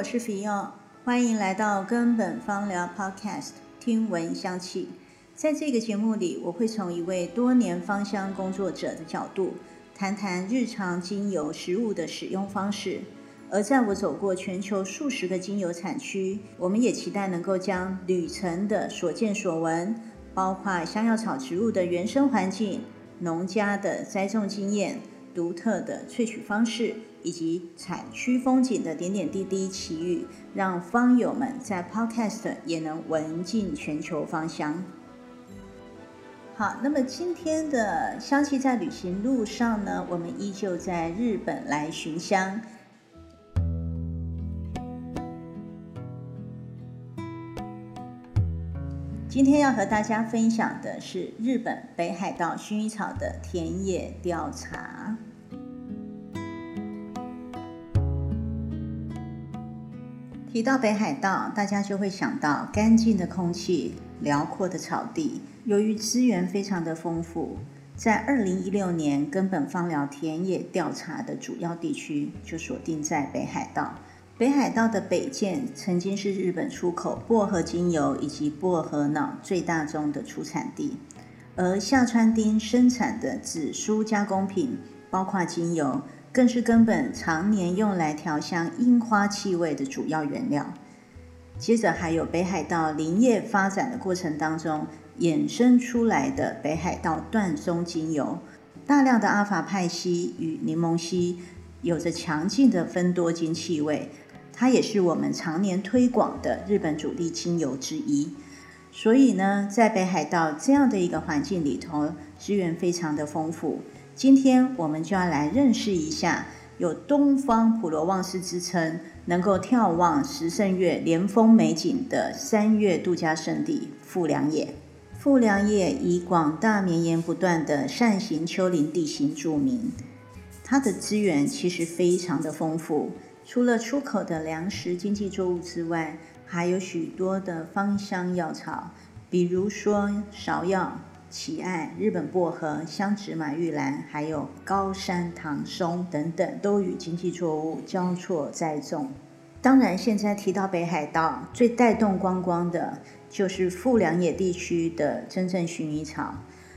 我是肥奧，歡迎來到根本芳療 Podcast，聽聞香氣。在這個節目裡，我會從一位多年芳香工作者的角度，談談日常精油、食物的使用方式。而在我走過全球數十個精油產區，我們也期待能夠將旅程的所見所聞，包括香藥草植物的原生環境、農家的栽種經驗。獨特的萃取方式，以及產區風景的點點滴滴奇遇，讓芳友們在 Podcast 也能聞盡全球芳香。好，那麼今天的香氣在旅行路上呢，我們依舊在日本來尋香。今天要和大家分享的是日本北海道薰衣草的田野調查。提到北海道，大家就會想到乾淨的空氣、遼闊的草地。由於資源非常的豐富，在二零一六年，根本芳療田野調查的主要地區就鎖定在北海道。北海道的北見曾經是日本出口薄荷精油以及薄荷腦最大宗的出產地，而下川町生產的紫蘇加工品，包括精油，更是根本常年用來調香櫻花氣味的主要原料。接着還有北海道林業發展的過程當中衍生出來的北海道椴松精油，大量的阿法蒎烯與檸檬烯，有着強勁的芬多精氣味。它也是我們常年推廣的日本主力精油之一，所以呢，在北海道這樣的一個環境裡頭，資源非常的豐富。今天我們就要來認識一下有“東方普羅旺斯”之稱，能夠眺望十勝岳連峰美景的三月度假勝地富良野。富良野以廣大綿延不斷的扇形丘陵地形著名，它的資源其實非常的豐富。除了出口的糧食、經濟作物之外，還有許多的芳香藥草，比如說芍藥、蘄艾、日本薄荷、香脂馬玉蘭，還有高山唐松等等，都與經濟作物交錯栽種。當然，現在提到北海道，最帶動觀光的就是富良野地區的真正薰衣草。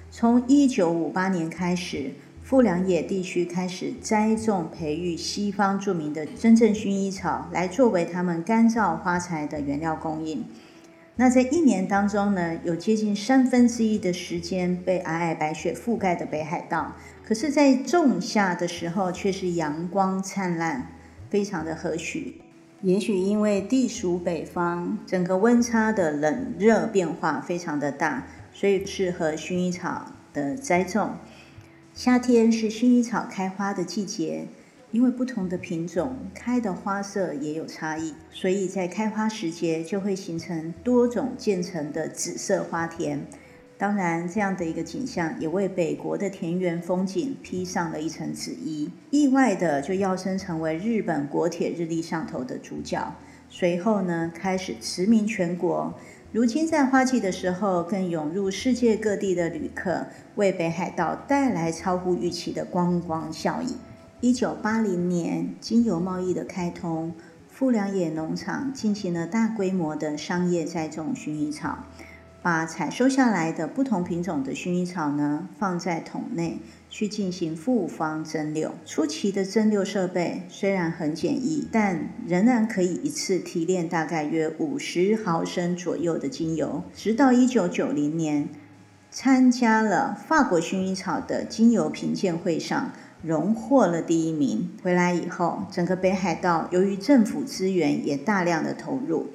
從一九五八年開始，富良野地區開始栽種培育西方著名的真正薰衣草，來作為他們乾燥花材的原料供應。那在一年當中呢，有接近三分之一的時間被皚皚白雪覆蓋的北海道，可是，在仲夏的時候卻是陽光燦爛，非常的和煦。也許因為地屬北方，整個溫差的冷熱變化非常的大，所以適合薰衣草的栽種。夏天是薰衣草開花的季節，因為不同的品種開的花色也有差異，所以在開花時節就會形成多種漸層的紫色花田。當然，這樣的一個景象也為北國的田園風景披上了一層紫衣，意外的就躍升成為日本國鐵日曆上頭的主角。隨後呢，開始馳名全國。如今在花季的時候，更湧入世界各地的旅客，為北海道帶來超乎預期的觀光效益。一九八零年，經由貿易的開通，富良野農場進行了大規模的商業栽種薰衣草，把採收下來的不同品種的薰衣草呢，放在桶內。去進行複方蒸餾。初期的蒸餾設備雖然很簡易，但仍然可以一次提煉大概約五十毫升左右的精油。直到一九九零年，參加了法國薰衣草的精油評鑑會上，榮獲了第一名。回來以後，整個北海道由於政府資源也大量的投入，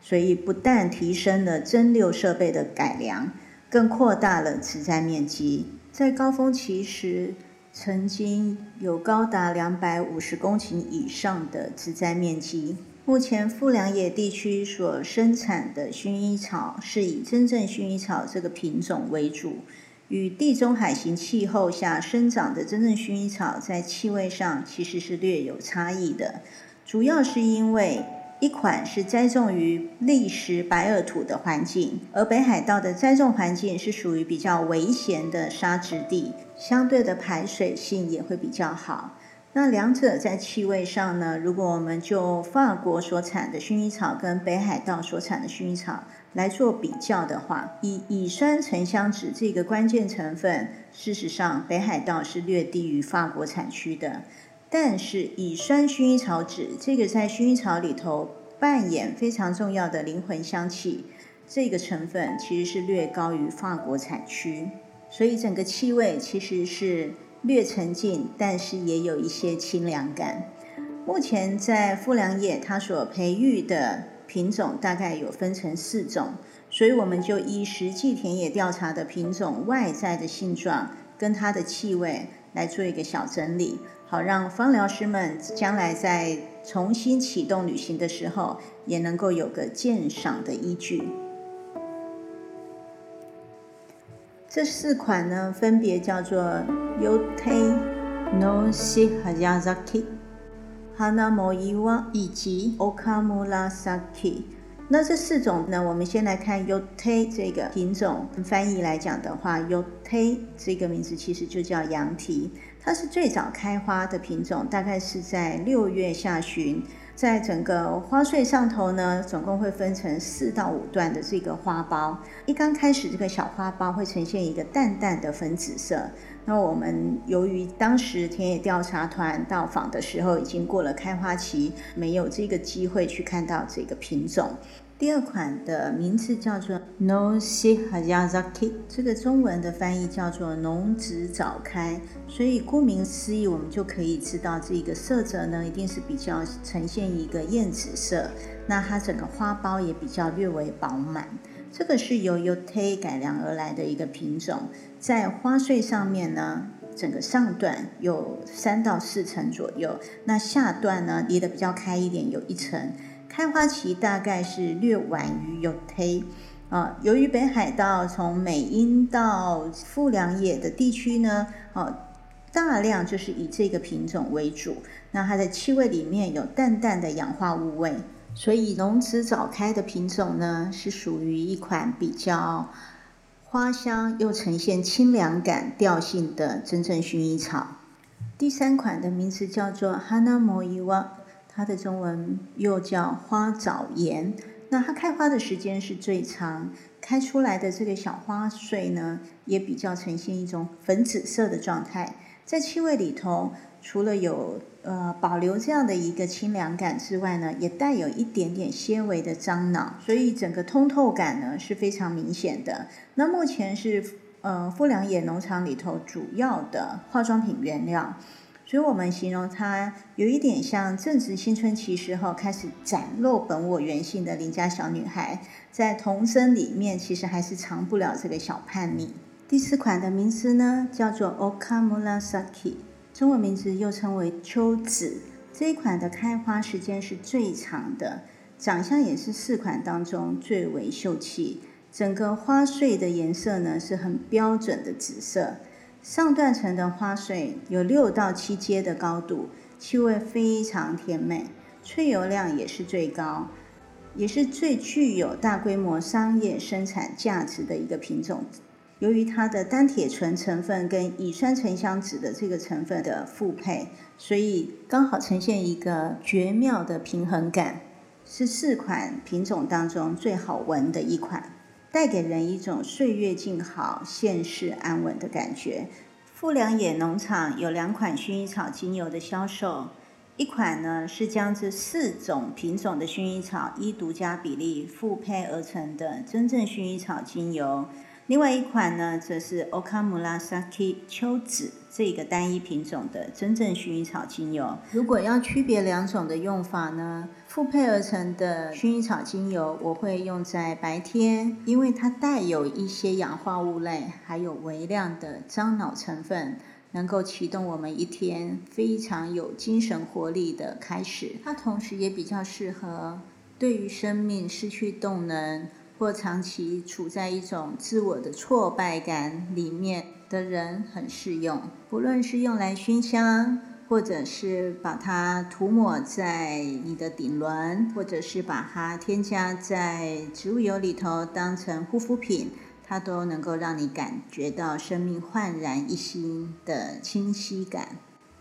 所以不但提升了蒸餾設備的改良，更擴大了採摘面積。在高峰期時，曾經有高達兩百五十公頃以上的植栽面積。目前富良野地區所生產的薰衣草，是以真正薰衣草這個品種為主，與地中海型氣候下生長的真正薰衣草在氣味上其實是略有差異的，主要是因為。一款是栽種於礫石白堊土的環境，而北海道的栽種環境是屬於比較微鹹的沙質地，相對的排水性也會比較好。那兩者在氣味上呢？如果我們就法國所產的薰衣草跟北海道所產的薰衣草來做比較的話，以乙酸沉香酯這個關鍵成分，事實上北海道是略低於法國產區的。但是乙酸薰衣草酯這個在薰衣草裡頭扮演非常重要的靈魂香氣，這個成分其實是略高於法國產區，所以整個氣味其實是略沉靜，但是也有一些清涼感。目前在富良野它所培育的品種大概有分成四種，所以我們就依實際田野調查的品種外在的性狀跟它的氣味來做一個小整理。好讓芳療師們將來在重新啟動旅行的時候，也能夠有個鑑賞的依據。這四款呢，分別叫做 Yote、Noshi Hayazaki、Hanamoiwa 以及 Okamurasaki。那這四種呢，我們先來看 Yote 這個品種。翻譯來講的話，Yote 這個名字其實就叫羊蹄。它是最早開花的品種，大概是在六月下旬，在整個花穗上頭呢，總共會分成四到五段的這個花苞。一剛開始，這個小花苞會呈現一個淡淡的粉紫色。那我們由於當時田野調查團到訪的時候，已經過了開花期，沒有這個機會去看到這個品種。第二款的名字叫做 Noshi Hayazaki，這個中文的翻譯叫做濃紫早開，所以顧名思義，我們就可以知道這個色澤呢，一定是比較呈現一個豔紫色。那它整個花苞也比較略微飽滿。這個是由 Yotei 改良而來的一個品種，在花穗上面呢，整個上段有三到四層左右，那下段呢離得比較開一點，有一層。開花期大概是略晚於羊蹄啊。由於北海道從美瑛到富良野的地區呢，哦、啊，大量就是以這個品種為主。那它的氣味裡面有淡淡的氧化物味，所以濃紫早開的品種呢，是屬於一款比較花香又呈現清涼感調性的真正薰衣草。第三款的名字叫做哈納摩伊沃。它的中文又叫花藻岩，那它開花的時間是最長，開出來的這個小花穗呢，也比較呈現一種粉紫色的狀態。在氣味裡頭，除了有呃保留這樣的一個清涼感之外呢，也帶有一點點些微的樟腦，所以整個通透感呢是非常明顯的。那目前是呃富良野農場裡頭主要的化妝品原料。所以，我們形容她有一點像正值青春期時候開始展露本我原性的鄰家小女孩，在童真裡面，其實還是藏不了這個小叛逆。第四款的名字呢，叫做 Okamurasaki，中文名字又稱為丘紫。這一款的開花時間是最長的，長相也是四款當中最為秀氣。整個花穗的顏色呢，是很標準的紫色。上段層的花穗有六到七階的高度，氣味非常甜美，萃油量也是最高，也是最具有大規模商業生產價值的一個品種。由於它的單萜醇成分跟乙酸沉香酯的這個成分的復配，所以剛好呈現一個絕妙的平衡感，是四款品種當中最好聞的一款，帶給人一種歲月靜好、現世安穩的感覺。富良野農場有兩款薰衣草精油的銷售，一款呢是將這四種品種的薰衣草依獨家比例複配而成的真正薰衣草精油。另外一款呢，則是 Okamurasaki 丘紫這個單一品種的真正薰衣草精油。如果要區別兩種的用法呢，複配而成的薰衣草精油我會用在白天，因為它帶有一些氧化物類，還有微量的樟腦成分，能夠啟動我們一天非常有精神活力的開始。它同時也比較適合對於生命失去動能。或長期處在一種自我的挫敗感裡面的人很適用，不論是用來燻香，或者是把它塗抹在你的頂輪，或者是把它添加在植物油裡頭當成護膚品，它都能夠讓你感覺到生命煥然一新的清晰感。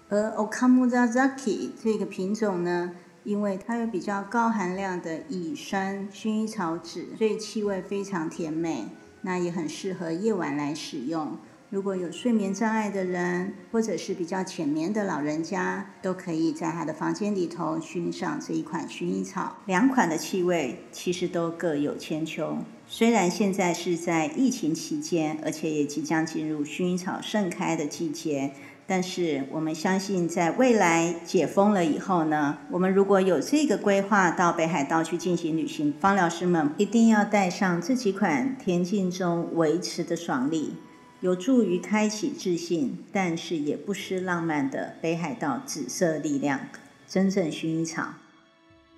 而 Okamurasaki 這個品種呢，因為它有比較高含量的乙酸薰衣草酯，所以氣味，非常甜美，那也很適合夜晚來使用。如果有睡眠障礙的人，或者是比較淺眠的老人家，都可以在他的房間裡頭熏上這一款薰衣草。兩款的氣味其實都各有千秋。雖然現在是在疫情期間，而且也即將進入薰衣草盛開的季節。但是我們相信，在未來解封了以後呢，我們如果有這個規劃到北海道去進行旅行，芳療師們一定要帶上這幾款恬靜中維持的爽利，有助於開啟自信，但是也不失浪漫的北海道紫色力量——真正薰衣草。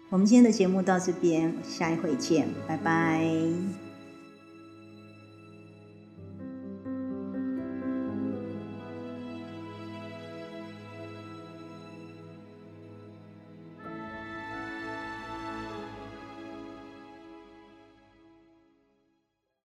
我們今天的節目到這邊，下一回見，拜拜。